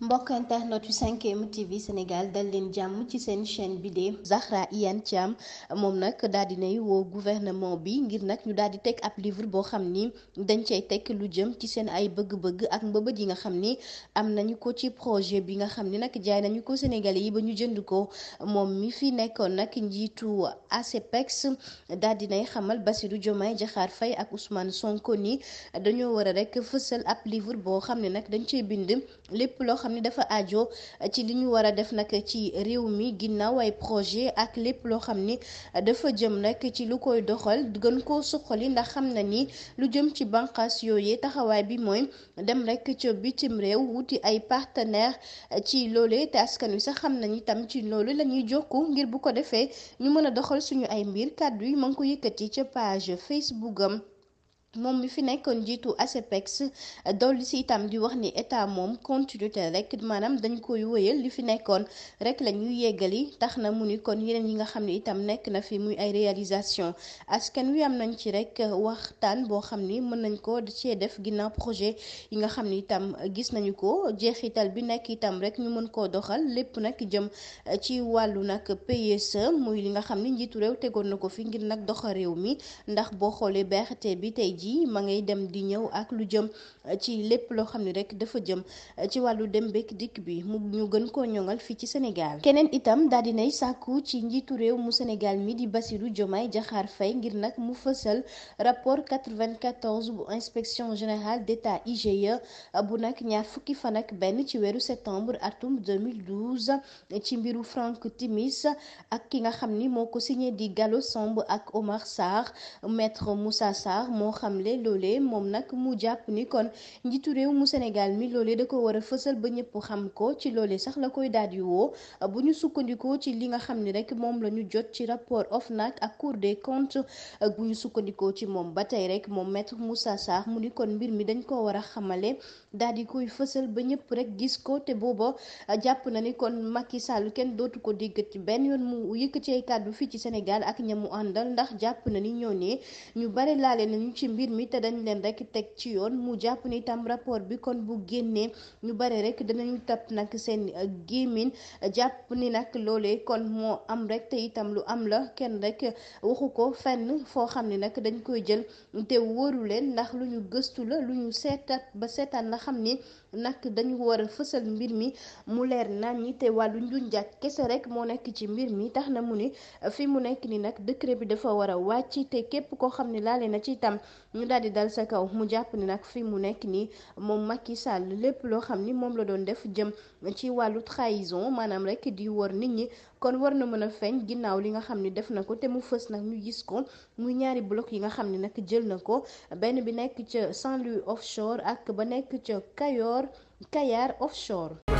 mbokk internet yu 5M TV Sénégal dal leen jàmm ci seen chaîne bi de Zahra Iyane Thiam moom nag daal di nay woo gouvernement bi ngir nag ñu daal di teg ab livre boo xam ni dañ cay teg lu jëm ci seen ay bëgg-bëgg ak mbëbët yi nga xam ni am nañu ko ci projet bi nga xam ni nag jaay nañu ko Sénégalais yi ba ñu jënd ko moom mi fi nekkoon nag njiitu ACPEX daal di nay xamal Bassirou Diomaye Diakhar fay ak Ousmane Sonko ni dañoo war a rek fësal ab livre boo xam ne nag dañ cee bind lépp loo xam ne dafa aajo ci li ñu war a def nag ci réew mi ginnaaw ay projet ak lépp loo xam ni dafa jëm nag ci lu koy doxal gën koo suqali ndax xam na ni lu jëm ci bànqaas yooyee taxawaay bi mooy dem rek ca bitim réew wuti ay partenaire ci loolee te askan wi sax xam nañu tam ci loolu la ñuy jokku ngir bu ko defee ñu mën a doxal suñu ay mbir kàddu yi ma ngi ko yëkkati ca page Facebook am moom mi fi nekkoon njiitu ASEPEX dolli si itam di wax ni état moom continuité rek maanaam dañ koy wëyal li fi nekkoon rek la ñuy yeggali tax na mu ni kon yeneen yi nga xam ne itam nekk na fi muy ay réalisation askan wi am nañ ci rek waxtaan boo xam ni mën nañ ko cee def ginnaaw projet yi nga xam ni itam gis nañu ko jeexital bi nekk itam rek ñu mën koo doxal lépp nag jëm eh, ci wàllu nag PSE muy li nga xam ne njiitu réew tegoon na ko fi ngir nag doxal réew mi ndax boo xoolee BRT bi tey ji ma ngay dem di ñëw ak lu jëm eh, ci lépp loo xam ne rek dafa jëm eh, ci wàllu dem bekk dikk bi mu ñu gën koo ñoŋal fii ci Sénégal keneen itam daal di nay sàkku ci njiitu réew mu senegal mi di Bassirou Diomaye jaxaar fay ngir nag mu fësal rapport 94 bu inspection générale d'État IGE eh, bu nag ñaar fukki fan ak benn ci weeru septembre atum 2012 ci mbiru Franck Timis ak ki nga xam ni moo ko signé di Gallo Samb ak Omar Sarr maître Moussa Sarr moo xam xamle loolee moom nag mu jàpp ni kon njiitu réew mu Sénégal mi loolee da ko war a fësal ba ñëpp xam ko ci loolee sax la koy daal di bu ñu sukkandikoo ci li nga xam ne rek moom lañu jot ci rapport nag ak Cour des comptes bu ñu sukkandikoo ci moom ba tey rek moom maître Moussa Sarr mu ni kon mbir mi dañ ko war a xamale daal di koy fësal ba ñëpp rek gis ko te booba jàpp na ni kon mag yi Sall kenn dootu ko diggati benn yoon mu yëkkati ay kàddu fii ci Sénégal ak ñamu àndal ndax jàpp mbir mi te dañ leen rek teg ci yoon mu jàpp ni itam rapport bi kon bu génnee ñu bare rek danañu tapp nag seen uh, gémmiñ jàpp ni nag loolee kon moo am rek te itam lu am la kenn rek waxu ko fenn foo xam ne nag dañ koy jël te wóoru leen ndax lu ñu gëstu la lu ñu ba seetaan la xam ni nag dañu war a fësal mbir mi mu leer naan ñi te wàllu njunjaat kese rek moo nekk ci mbir mi tax na mu ni uh, fi mu nekk ni nag décret bi dafa war a wàcc te képp koo xam ne laale na ci itam ñu daal di dal sa kaw mu jàpp ni nag fi mu nekk nii moom mag Macky Sall lépp loo xam ni moom la doon def jëm ci wàllu trahison maanaam rek di war nit ñi kon war na mën a feeñ ginnaaw li nga xam ni def na ko te mu fës nag ñu gis ko muy ñaari bloc yi nga xam ni nag jël na ko benn bi nekk ca Saint-Louis offshore ak ba nekk ca Kayor Kayar offshore.